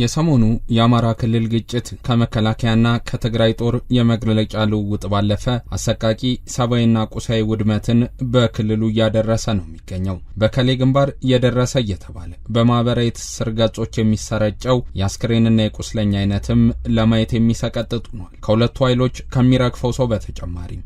የሰሞኑ የአማራ ክልል ግጭት ከመከላከያና ከትግራይ ጦር የመግለጫ ልውውጥ ባለፈ አሰቃቂ ሰብአዊና ቁሳዊ ውድመትን በክልሉ እያደረሰ ነው የሚገኘው። በከሌ ግንባር እየደረሰ እየተባለ በማህበራዊ ትስስር ገጾች የሚሰረጨው የአስክሬንና የቁስለኛ አይነትም ለማየት የሚሰቀጥጥ ሆኗል። ከሁለቱ ኃይሎች ከሚረግፈው ሰው በተጨማሪም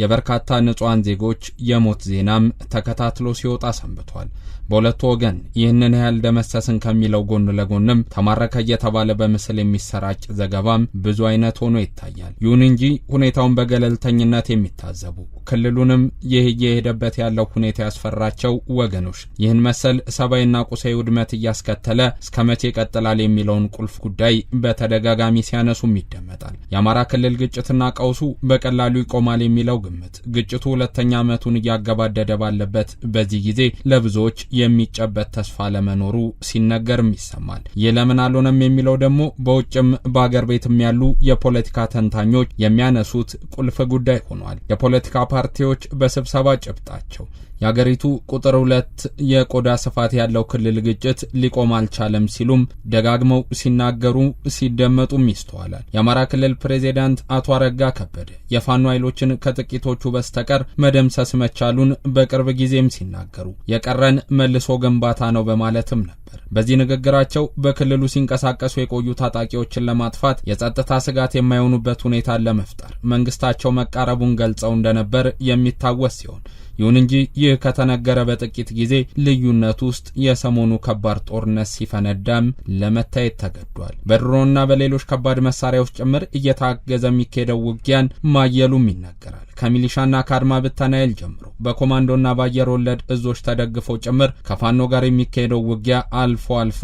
የበርካታ ንጹሐን ዜጎች የሞት ዜናም ተከታትሎ ሲወጣ ሰንብቷል። በሁለቱ ወገን ይህንን ያህል ደመሰስን ከሚለው ጎን ለጎንም ተማረከ እየተባለ በምስል የሚሰራጭ ዘገባም ብዙ አይነት ሆኖ ይታያል። ይሁን እንጂ ሁኔታውን በገለልተኝነት የሚታዘቡ ክልሉንም ይህ እየሄደበት ያለው ሁኔታ ያስፈራቸው ወገኖች ይህን መሰል ሰብአዊና ቁሳዊ ውድመት እያስከተለ እስከ መቼ ይቀጥላል የሚለውን ቁልፍ ጉዳይ በተደጋጋሚ ሲያነሱም ይደመጣል። የአማራ ክልል ግጭትና ቀውሱ በቀላሉ ይቆማል የሚለው ግምት ግጭቱ ሁለተኛ ዓመቱን እያገባደደ ባለበት በዚህ ጊዜ ለብዙዎች የሚጨበት ተስፋ ለመኖሩ ሲነገርም ይሰማል። ይህ ለምን አልሆነም የሚለው ደግሞ በውጭም በአገር ቤትም ያሉ የፖለቲካ ተንታኞች የሚያነሱት ቁልፍ ጉዳይ ሆኗል። የፖለቲካ ፓርቲዎች በስብሰባ ጭብጣቸው የአገሪቱ ቁጥር ሁለት የቆዳ ስፋት ያለው ክልል ግጭት ሊቆም አልቻለም ሲሉም ደጋግመው ሲናገሩ ሲደመጡም ይስተዋላል። የአማራ ክልል ፕሬዚዳንት አቶ አረጋ ከበደ የፋኖ ኃይሎችን ከጥቂቶቹ በስተቀር መደምሰስ መቻሉን በቅርብ ጊዜም ሲናገሩ የቀረን መልሶ ግንባታ ነው በማለትም ነበር። በዚህ ንግግራቸው በክልሉ ሲንቀሳቀሱ የቆዩ ታጣቂዎችን ለማጥፋት የጸጥታ ስጋት የማይሆኑበት ሁኔታን ለመፍጠር መንግስታቸው መቃረቡን ገልጸው እንደነበር የሚታወስ ሲሆን ይሁን እንጂ ይህ ከተነገረ በጥቂት ጊዜ ልዩነት ውስጥ የሰሞኑ ከባድ ጦርነት ሲፈነዳም ለመታየት ተገዷል። በድሮና በሌሎች ከባድ መሳሪያዎች ጭምር እየታገዘ የሚካሄደው ውጊያን ማየሉም ይነገራል። ከሚሊሻና ከአድማ ብተናይል ጀምሮ በኮማንዶና በአየር ወለድ እዞች ተደግፈው ጭምር ከፋኖ ጋር የሚካሄደው ውጊያ አልፎ አልፎ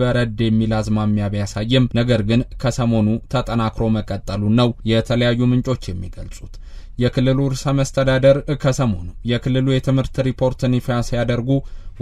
በረድ የሚል አዝማሚያ ቢያሳይም ነገር ግን ከሰሞኑ ተጠናክሮ መቀጠሉን ነው የተለያዩ ምንጮች የሚገልጹት። የክልሉ ርዕሰ መስተዳደር ከሰሞኑ የክልሉ የትምህርት ሪፖርትን ይፋ ሲያደርጉ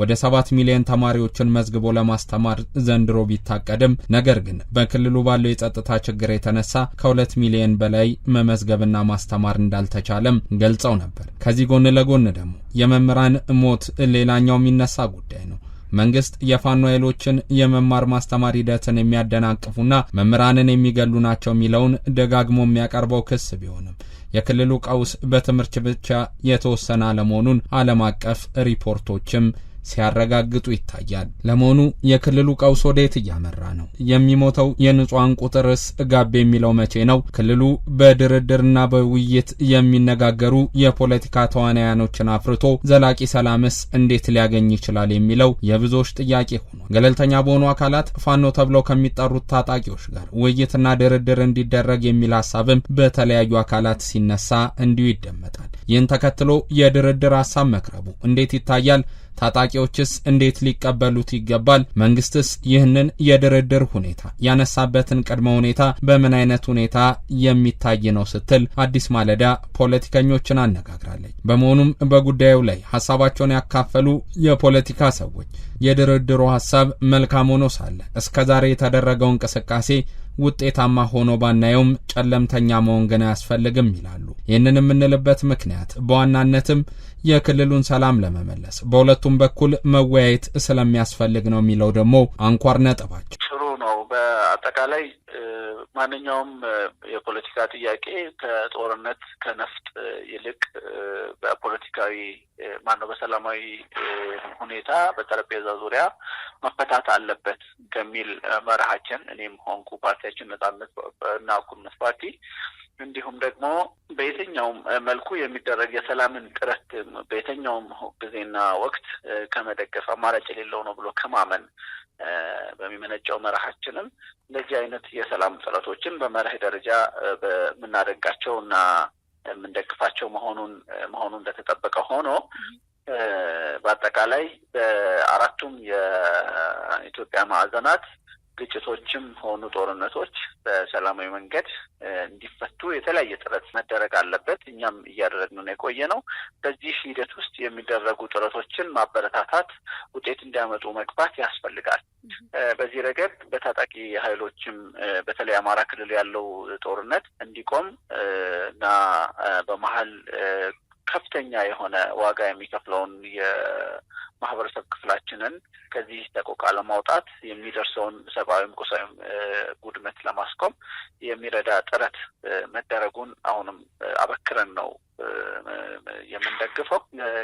ወደ ሰባት ሚሊዮን ተማሪዎችን መዝግቦ ለማስተማር ዘንድሮ ቢታቀድም ነገር ግን በክልሉ ባለው የጸጥታ ችግር የተነሳ ከሁለት ሚሊዮን በላይ መመዝገብና ማስተማር እንዳልተቻለም ገልጸው ነበር። ከዚህ ጎን ለጎን ደግሞ የመምህራን ሞት ሌላኛው የሚነሳ ጉዳይ ነው። መንግስት የፋኖ ኃይሎችን የመማር ማስተማር ሂደትን የሚያደናቅፉና መምህራንን የሚገሉ ናቸው የሚለውን ደጋግሞ የሚያቀርበው ክስ ቢሆንም የክልሉ ቀውስ በትምህርት ብቻ የተወሰነ አለመሆኑን ዓለም አቀፍ ሪፖርቶችም ሲያረጋግጡ ይታያል። ለመሆኑ የክልሉ ቀውስ ወዴት እያመራ ነው? የሚሞተው የንጹሐን ቁጥርስ ጋብ የሚለው መቼ ነው? ክልሉ በድርድርና በውይይት የሚነጋገሩ የፖለቲካ ተዋናያኖችን አፍርቶ ዘላቂ ሰላምስ እንዴት ሊያገኝ ይችላል የሚለው የብዙዎች ጥያቄ ሆኗል። ገለልተኛ በሆኑ አካላት ፋኖ ተብለው ከሚጠሩት ታጣቂዎች ጋር ውይይትና ድርድር እንዲደረግ የሚል ሀሳብም በተለያዩ አካላት ሲነሳ እንዲሁ ይደመጣል። ይህን ተከትሎ የድርድር ሀሳብ መቅረቡ እንዴት ይታያል? ታጣቂዎችስ እንዴት ሊቀበሉት ይገባል? መንግስትስ ይህንን የድርድር ሁኔታ ያነሳበትን ቅድመ ሁኔታ በምን አይነት ሁኔታ የሚታይ ነው ስትል አዲስ ማለዳ ፖለቲከኞችን አነጋግራለች። በመሆኑም በጉዳዩ ላይ ሀሳባቸውን ያካፈሉ የፖለቲካ ሰዎች የድርድሩ ሀሳብ መልካም ሆኖ ሳለ እስከዛሬ የተደረገው እንቅስቃሴ ውጤታማ ሆኖ ባናየውም ጨለምተኛ መሆን ግን አያስፈልግም ይላሉ። ይህንን የምንልበት ምክንያት በዋናነትም የክልሉን ሰላም ለመመለስ በሁለቱም በኩል መወያየት ስለሚያስፈልግ ነው የሚለው ደግሞ አንኳር ነጥባቸው ነው። በአጠቃላይ ማንኛውም የፖለቲካ ጥያቄ ከጦርነት ከነፍጥ ይልቅ በፖለቲካዊ ማነው በሰላማዊ ሁኔታ በጠረጴዛ ዙሪያ መፈታት አለበት ከሚል መርሃችን እኔም ሆንኩ ፓርቲያችን ነጻነት እና እኩልነት ፓርቲ እንዲሁም ደግሞ በየትኛውም መልኩ የሚደረግ የሰላምን ጥረት በየትኛውም ጊዜና ወቅት ከመደገፍ አማራጭ የሌለው ነው ብሎ ከማመን በሚመነጨው መርሃችንም እንደዚህ አይነት የሰላም ጥረቶችን በመርህ ደረጃ የምናደንቃቸው እና የምንደግፋቸው መሆኑን መሆኑ እንደተጠበቀ ሆኖ በአጠቃላይ በአራቱም የኢትዮጵያ ማዕዘናት ግጭቶችም ሆኑ ጦርነቶች በሰላማዊ መንገድ እንዲፈቱ የተለያየ ጥረት መደረግ አለበት። እኛም እያደረግን ነው የቆየ ነው። በዚህ ሂደት ውስጥ የሚደረጉ ጥረቶችን ማበረታታት፣ ውጤት እንዲያመጡ መግባት ያስፈልጋል። በዚህ ረገድ በታጣቂ ኃይሎችም በተለይ አማራ ክልል ያለው ጦርነት እንዲቆም እና በመሀል ከፍተኛ የሆነ ዋጋ የሚከፍለውን ማህበረሰብ ክፍላችንን ከዚህ ሰቆቃ ለማውጣት የሚደርሰውን ሰብአዊም ቁሳዊም ጉድመት ለማስቆም የሚረዳ ጥረት መደረጉን አሁንም አበክረን ነው የምንደግፈው።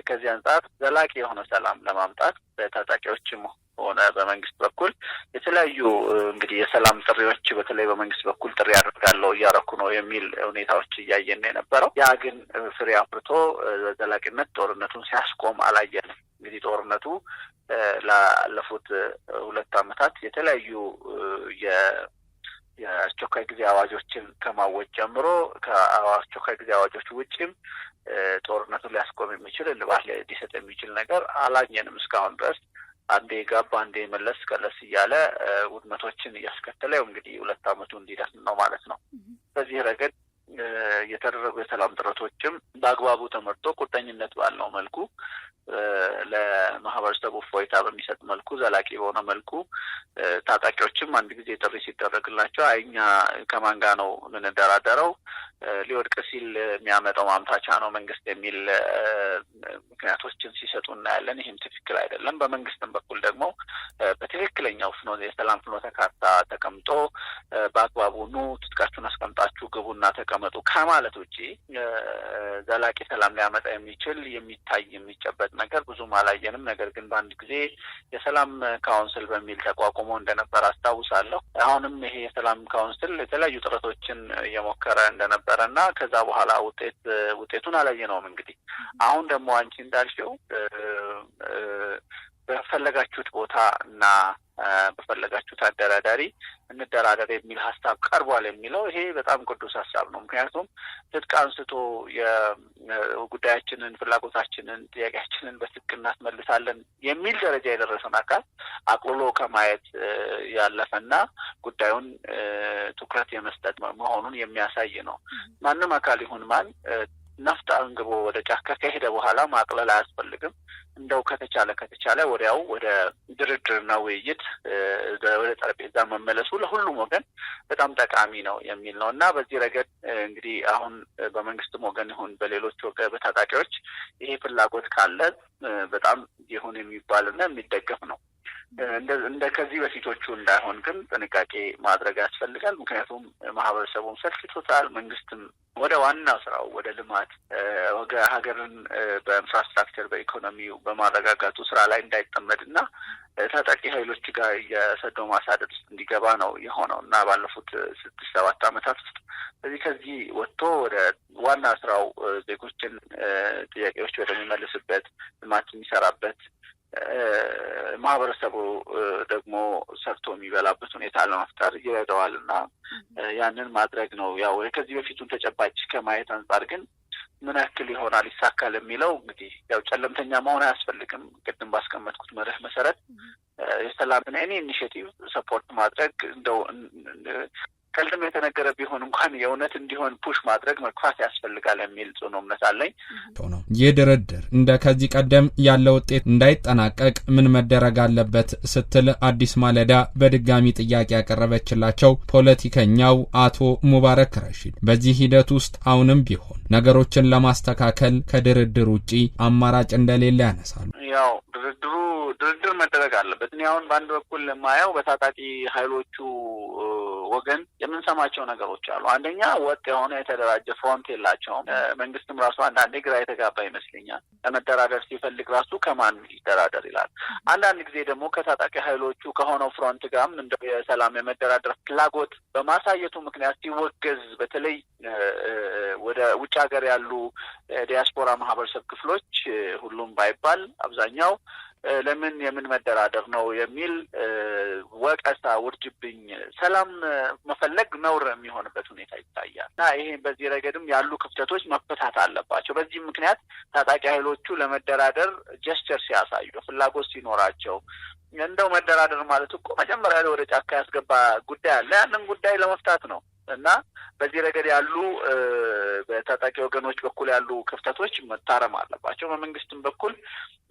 ከዚህ አንጻር ዘላቂ የሆነ ሰላም ለማምጣት በታጣቂዎችም ሆነ በመንግስት በኩል የተለያዩ እንግዲህ የሰላም ጥሪዎች በተለይ በመንግስት በኩል ጥሪ አድርጋለሁ እያረኩ ነው የሚል ሁኔታዎች እያየን የነበረው ያ ግን ፍሬ አፍርቶ ዘላቂነት ጦርነቱን ሲያስቆም አላየንም። እንግዲህ ጦርነቱ ላለፉት ሁለት ዓመታት የተለያዩ የአስቸኳይ ጊዜ አዋጆችን ከማወጅ ጀምሮ ከአስቸኳይ ጊዜ አዋጆች ውጭም ጦርነቱን ሊያስቆም የሚችል እልባት ሊሰጥ የሚችል ነገር አላኘንም እስካሁን ድረስ። አንዴ ጋባ አንዴ መለስ ቀለስ እያለ ውድመቶችን እያስከተለ እንግዲህ ሁለት ዓመቱ እንዲደርስ ነው ማለት ነው። በዚህ ረገድ የተደረጉ የሰላም ጥረቶችም በአግባቡ ተመርቶ ቁርጠኝነት ባለው መልኩ ለማህበረሰቡ ፎይታ በሚሰጥ መልኩ ዘላቂ በሆነ መልኩ ታጣቂዎችም አንድ ጊዜ ጥሪ ሲደረግላቸው አይኛ ከማንጋ ነው የምንደራደረው ሊወድቅ ሲል የሚያመጣው ማምታቻ ነው መንግስት የሚል ምክንያቶችን ሲሰጡ እናያለን። ይህም ትክክል አይደለም። በመንግስትም በኩል ደግሞ በትክክለኛው ፍኖ የሰላም ፍኖተ ካርታ ተቀምጦ በአግባቡ ኑ ትጥቃችሁን አስቀምጣ ግቡና ተቀመጡ ከማለት ውጭ ዘላቂ ሰላም ሊያመጣ የሚችል የሚታይ የሚጨበጥ ነገር ብዙም አላየንም። ነገር ግን በአንድ ጊዜ የሰላም ካውንስል በሚል ተቋቁሞ እንደነበር አስታውሳለሁ። አሁንም ይሄ የሰላም ካውንስል የተለያዩ ጥረቶችን እየሞከረ እንደነበረ እና ከዛ በኋላ ውጤት ውጤቱን አላየነውም። እንግዲህ አሁን ደግሞ አንቺ እንዳልሽው በፈለጋችሁት ቦታ እና በፈለጋችሁት አደራዳሪ እንደራደር የሚል ሀሳብ ቀርቧል የሚለው ይሄ በጣም ቅዱስ ሀሳብ ነው። ምክንያቱም ትጥቅ አንስቶ ጉዳያችንን፣ ፍላጎታችንን፣ ጥያቄያችንን በትክክል እናስመልሳለን የሚል ደረጃ የደረሰን አካል አቅልሎ ከማየት ያለፈና ጉዳዩን ትኩረት የመስጠት መሆኑን የሚያሳይ ነው። ማንም አካል ይሁን ማን ናፍጣ አንግቦ ወደ ጫካ ከሄደ በኋላ ማቅለል አያስፈልግም። እንደው ከተቻለ ከተቻለ ወዲያው ወደ ድርድርና ውይይት ወደ ጠረጴዛ መመለሱ ለሁሉም ወገን በጣም ጠቃሚ ነው የሚል ነው እና በዚህ ረገድ እንግዲህ አሁን በመንግስትም ወገን ይሁን በሌሎች ወገ በታጣቂዎች ይሄ ፍላጎት ካለ በጣም ይሁን የሚባልና የሚደገፍ ነው። እንደ ከዚህ በፊቶቹ እንዳይሆን ግን ጥንቃቄ ማድረግ ያስፈልጋል። ምክንያቱም ማህበረሰቡም ሰልችቶታል። መንግስትም ወደ ዋናው ስራው ወደ ልማት ወገ ሀገርን በኢንፍራስትራክቸር በኢኮኖሚው በማረጋጋቱ ስራ ላይ እንዳይጠመድ እና ታጣቂ ኃይሎች ጋር የሰዶ ማሳደድ ውስጥ እንዲገባ ነው የሆነው እና ባለፉት ስድስት ሰባት አመታት ውስጥ ስለዚህ ከዚህ ወጥቶ ወደ ዋና ስራው ዜጎችን ጥያቄዎች ወደሚመልስበት ልማት የሚሰራበት ማህበረሰቡ ደግሞ ሰርቶ የሚበላበት ሁኔታ ለመፍጠር ይረዳዋል እና ያንን ማድረግ ነው። ያው ከዚህ በፊቱን ተጨባጭ ከማየት አንጻር ግን ምን ያክል ይሆናል ይሳካል የሚለው እንግዲህ ያው ጨለምተኛ መሆን አያስፈልግም። ቅድም ባስቀመጥኩት መርህ መሰረት የሰላምን ኤኒ ኢኒሽቲቭ ሰፖርት ማድረግ እንደው ቀልድም የተነገረ ቢሆን እንኳን የእውነት እንዲሆን ፑሽ ማድረግ መግፋት ያስፈልጋል የሚል ጽኑ እምነት አለኝ። ይህ ድርድር እንደ ከዚህ ቀደም ያለ ውጤት እንዳይጠናቀቅ ምን መደረግ አለበት ስትል አዲስ ማለዳ በድጋሚ ጥያቄ ያቀረበችላቸው ፖለቲከኛው አቶ ሙባረክ ረሺድ በዚህ ሂደት ውስጥ አሁንም ቢሆን ነገሮችን ለማስተካከል ከድርድር ውጪ አማራጭ እንደሌለ ያነሳሉ። ያው ድርድሩ ድርድር መደረግ አለበት። እኔ አሁን በአንድ በኩል የማየው በታጣቂ ኃይሎቹ ወገን የምንሰማቸው ነገሮች አሉ። አንደኛ ወጥ የሆነ የተደራጀ ፍሮንት የላቸውም። መንግስትም ራሱ አንዳንዴ ግራ የተጋባ ይመስለኛል። ለመደራደር ሲፈልግ ራሱ ከማን ይደራደር ይላል። አንዳንድ ጊዜ ደግሞ ከታጣቂ ኃይሎቹ ከሆነው ፍሮንት ጋርም እንደ የሰላም የመደራደር ፍላጎት በማሳየቱ ምክንያት ሲወገዝ በተለይ ወደ ውጭ ሀገር ያሉ ዲያስፖራ ማህበረሰብ ክፍሎች ሁሉም ባይባል አብዛኛው ለምን የምን መደራደር ነው የሚል ወቀሳ፣ ውርጅብኝ፣ ሰላም መፈለግ ነውር የሚሆንበት ሁኔታ ይታያል እና ይሄ በዚህ ረገድም ያሉ ክፍተቶች መፈታት አለባቸው። በዚህም ምክንያት ታጣቂ ኃይሎቹ ለመደራደር ጀስቸር ሲያሳዩ ፍላጎት ሲኖራቸው እንደው መደራደር ማለት እኮ መጀመሪያ ወደ ጫካ ያስገባ ጉዳይ አለ። ያንን ጉዳይ ለመፍታት ነው እና በዚህ ረገድ ያሉ በታጣቂ ወገኖች በኩል ያሉ ክፍተቶች መታረም አለባቸው። በመንግስትም በኩል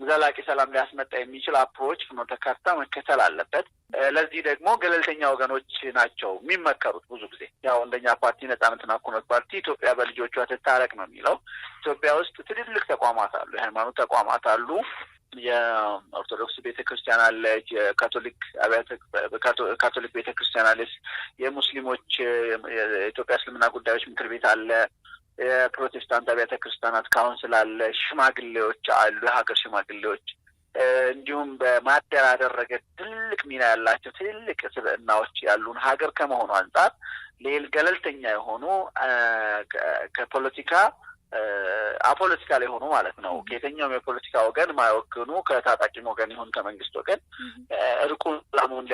ዘላቂ ሰላም ሊያስመጣ የሚችል አፕሮች ፍኖተ ካርታ መከተል አለበት። ለዚህ ደግሞ ገለልተኛ ወገኖች ናቸው የሚመከሩት። ብዙ ጊዜ ያው እንደኛ ፓርቲ ነጻነትና እኩልነት ፓርቲ ኢትዮጵያ በልጆቿ ትታረቅ ነው የሚለው። ኢትዮጵያ ውስጥ ትልልቅ ተቋማት አሉ፣ የሃይማኖት ተቋማት አሉ፣ የኦርቶዶክስ ቤተክርስቲያን አለች፣ የካቶሊክ አብያተ ካቶሊክ ቤተክርስቲያን አለች፣ የሙስሊሞች የኢትዮጵያ እስልምና ጉዳዮች ምክር ቤት አለ፣ የፕሮቴስታንት አብያተ ክርስቲያናት ካውንስል አለ፣ ሽማግሌዎች አሉ፣ የሀገር ሽማግሌዎች እንዲሁም በማደራደር ረገድ ትልቅ ሚና ያላቸው ትልቅ ስብዕናዎች ያሉን ሀገር ከመሆኑ አንጻር ሌል ገለልተኛ የሆኑ ከፖለቲካ አፖለቲካል የሆኑ ማለት ነው። ከየትኛውም የፖለቲካ ወገን ማይወግኑ ከታጣቂም ወገን ይሁን ከመንግስት ወገን እርቁን ሰላሙን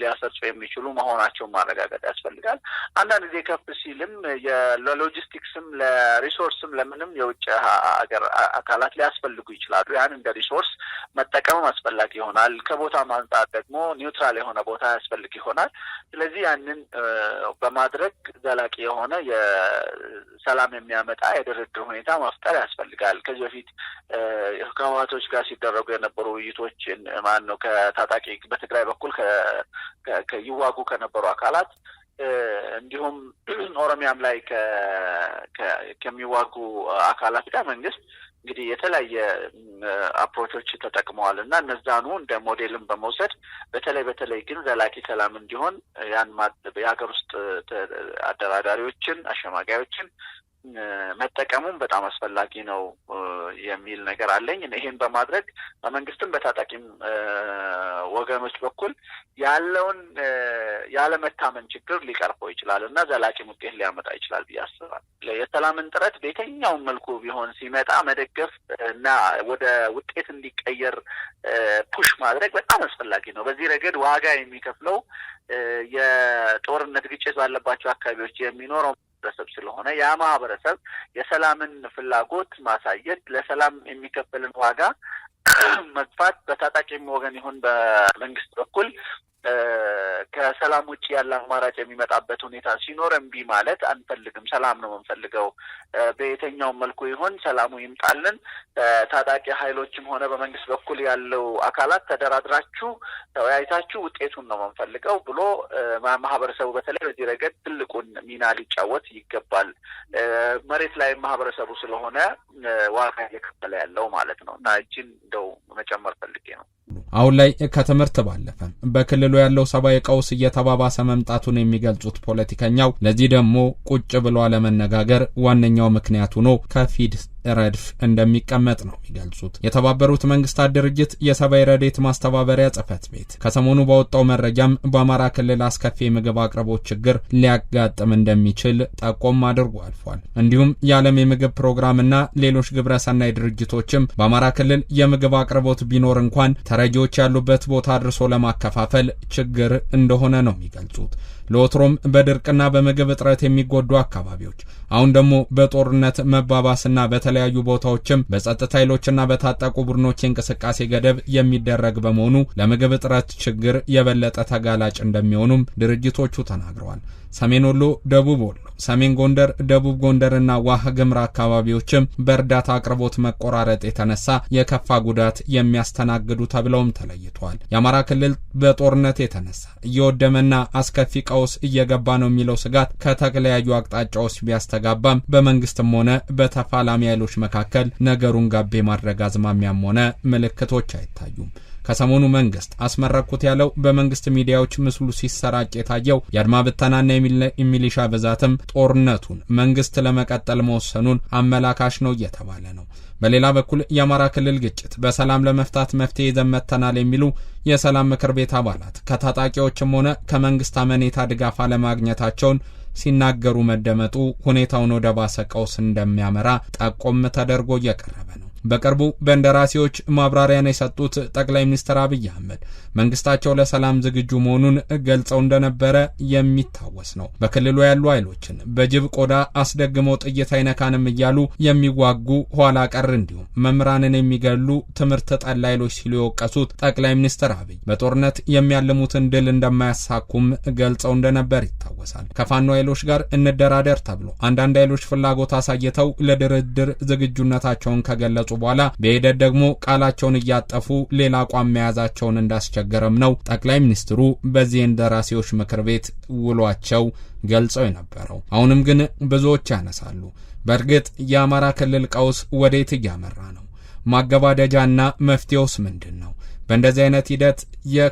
ሊያሰርጹ የሚችሉ መሆናቸውን ማረጋገጥ ያስፈልጋል። አንዳንድ ጊዜ ከፍ ሲልም ለሎጂስቲክስም፣ ለሪሶርስም፣ ለምንም የውጭ ሀገር አካላት ሊያስፈልጉ ይችላሉ። ያን እንደ ሪሶርስ መጠቀምም አስፈላጊ ይሆናል። ከቦታ ማንጻት ደግሞ ኒውትራል የሆነ ቦታ ያስፈልግ ይሆናል። ስለዚህ ያንን በማድረግ ዘላቂ የሆነ የሰላም የሚያመጣ የድርድር ሁኔታ መፍጠር ያስፈልጋል። ከዚህ በፊት ከህወሓቶች ጋር ሲደረጉ የነበሩ ውይይቶችን ማን ነው ከታጣቂ በትግራይ በኩል ይዋጉ ከነበሩ አካላት እንዲሁም ኦሮሚያም ላይ ከሚዋጉ አካላት ጋር መንግስት እንግዲህ የተለያየ አፕሮቾች ተጠቅመዋል እና እነዛኑ እንደ ሞዴልም በመውሰድ በተለይ በተለይ ግን ዘላቂ ሰላም እንዲሆን ያን የሀገር ውስጥ አደራዳሪዎችን፣ አሸማጋዮችን መጠቀሙም በጣም አስፈላጊ ነው የሚል ነገር አለኝ። ይህን በማድረግ በመንግስትም በታጣቂም ወገኖች በኩል ያለውን ያለመታመን ችግር ሊቀርፈው ይችላል እና ዘላቂ ውጤት ሊያመጣ ይችላል ብዬ አስባለሁ። የሰላምን ጥረት በየትኛውም መልኩ ቢሆን ሲመጣ መደገፍ እና ወደ ውጤት እንዲቀየር ፑሽ ማድረግ በጣም አስፈላጊ ነው። በዚህ ረገድ ዋጋ የሚከፍለው የጦርነት ግጭት ባለባቸው አካባቢዎች የሚኖረው ማህበረሰብ ስለሆነ ያ ማህበረሰብ የሰላምን ፍላጎት ማሳየት ለሰላም የሚከፈልን ዋጋ መግፋት በታጣቂ ወገን ይሁን በመንግስት በኩል ከሰላም ውጭ ያለ አማራጭ የሚመጣበት ሁኔታ ሲኖር እምቢ ማለት አንፈልግም። ሰላም ነው የምንፈልገው። በየትኛውም መልኩ ይሆን ሰላሙ ይምጣልን። ታጣቂ ኃይሎችም ሆነ በመንግስት በኩል ያለው አካላት ተደራድራችሁ፣ ተወያይታችሁ ውጤቱን ነው የምንፈልገው ብሎ ማህበረሰቡ በተለይ በዚህ ረገድ ትልቁን ሚና ሊጫወት ይገባል። መሬት ላይ ማህበረሰቡ ስለሆነ ዋጋ እየከፈለ ያለው ማለት ነው እና እጅን እንደው መጨመር ፈልጌ ነው። አሁን ላይ ከትምህርት ባለፈ በክልሉ ያለው ሰብአዊ ቀውስ እየተባባሰ መምጣቱን የሚገልጹት ፖለቲከኛው ለዚህ ደግሞ ቁጭ ብሎ አለመነጋገር ዋነኛው ምክንያት ሆኖ ከፊድ ረድፍ እንደሚቀመጥ ነው የሚገልጹት። የተባበሩት መንግስታት ድርጅት የሰብአዊ ረዴት ማስተባበሪያ ጽህፈት ቤት ከሰሞኑ ባወጣው መረጃም በአማራ ክልል አስከፊ የምግብ አቅርቦት ችግር ሊያጋጥም እንደሚችል ጠቆም አድርጎ አልፏል። እንዲሁም የዓለም የምግብ ፕሮግራምና ሌሎች ግብረሰናይ ድርጅቶችም በአማራ ክልል የምግብ አቅርቦት ቢኖር እንኳን ተረጂዎች ነዋሪዎች ያሉበት ቦታ አድርሶ ለማከፋፈል ችግር እንደሆነ ነው የሚገልጹት። ለወትሮም በድርቅና በምግብ እጥረት የሚጎዱ አካባቢዎች አሁን ደግሞ በጦርነት መባባስና በተለያዩ ቦታዎችም በጸጥታ ኃይሎችና በታጠቁ ቡድኖች የእንቅስቃሴ ገደብ የሚደረግ በመሆኑ ለምግብ እጥረት ችግር የበለጠ ተጋላጭ እንደሚሆኑም ድርጅቶቹ ተናግረዋል። ሰሜን ወሎ፣ ደቡብ ወሎ፣ ሰሜን ጎንደር፣ ደቡብ ጎንደርና ዋህ ግምራ አካባቢዎችም በእርዳታ አቅርቦት መቆራረጥ የተነሳ የከፋ ጉዳት የሚያስተናግዱ ተብለውም ተለይቷል። የአማራ ክልል በጦርነት የተነሳ እየወደመና አስከፊ ቀውስ እየገባ ነው የሚለው ስጋት ከተለያዩ አቅጣጫዎች ቢያስተጋባም በመንግስትም ሆነ በተፋላሚ ኃይሎች መካከል ነገሩን ጋቤ ማድረግ አዝማሚያም ሆነ ምልክቶች አይታዩም። ከሰሞኑ መንግስት አስመረኩት ያለው በመንግስት ሚዲያዎች ምስሉ ሲሰራጭ የታየው የአድማ ብተናና የሚሊሻ ብዛትም ጦርነቱን መንግስት ለመቀጠል መወሰኑን አመላካሽ ነው እየተባለ ነው። በሌላ በኩል የአማራ ክልል ግጭት በሰላም ለመፍታት መፍትሄ ይዘን መጥተናል የሚሉ የሰላም ምክር ቤት አባላት ከታጣቂዎችም ሆነ ከመንግስት አመኔታ ድጋፍ አለማግኘታቸውን ሲናገሩ መደመጡ ሁኔታውን ወደ ባሰ ቀውስ እንደሚያመራ ጠቆም ተደርጎ እየቀረበ ነው። በቅርቡ በእንደራሴዎች ማብራሪያን የሰጡት ጠቅላይ ሚኒስትር አብይ አህመድ መንግስታቸው ለሰላም ዝግጁ መሆኑን ገልጸው እንደነበረ የሚታወስ ነው። በክልሉ ያሉ ኃይሎችን በጅብ ቆዳ አስደግመው ጥይት አይነካንም እያሉ የሚዋጉ ኋላ ቀር እንዲሁም መምህራንን የሚገሉ ትምህርት ጠል ኃይሎች ሲሉ የወቀሱት ጠቅላይ ሚኒስትር አብይ በጦርነት የሚያልሙትን ድል እንደማያሳኩም ገልጸው እንደነበር ይታወሳል። ከፋኖ ኃይሎች ጋር እንደራደር ተብሎ አንዳንድ ኃይሎች ፍላጎት አሳይተው ለድርድር ዝግጁነታቸውን ከገለጹ በኋላ በሂደት ደግሞ ቃላቸውን እያጠፉ ሌላ አቋም መያዛቸውን እንዳስቸገረም ነው ጠቅላይ ሚኒስትሩ በዚህ እንደራሴዎች ምክር ቤት ውሏቸው ገልጸው የነበረው። አሁንም ግን ብዙዎች ያነሳሉ። በእርግጥ የአማራ ክልል ቀውስ ወዴት እያመራ ነው? ማገባደጃና መፍትሄውስ ምንድን ነው? በእንደዚህ አይነት ሂደት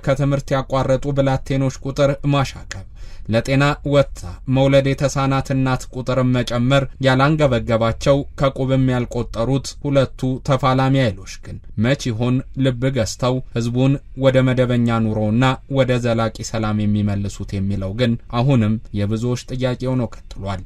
ከትምህርት ያቋረጡ ብላቴኖች ቁጥር ማሻቀብ፣ ለጤና ወጥታ መውለድ የተሳናት እናት ቁጥር መጨመር ያላንገበገባቸው ከቁብም ያልቆጠሩት ሁለቱ ተፋላሚ ኃይሎች ግን መች ይሆን ልብ ገዝተው ህዝቡን ወደ መደበኛ ኑሮውና ወደ ዘላቂ ሰላም የሚመልሱት የሚለው ግን አሁንም የብዙዎች ጥያቄ ሆኖ ቀጥሏል።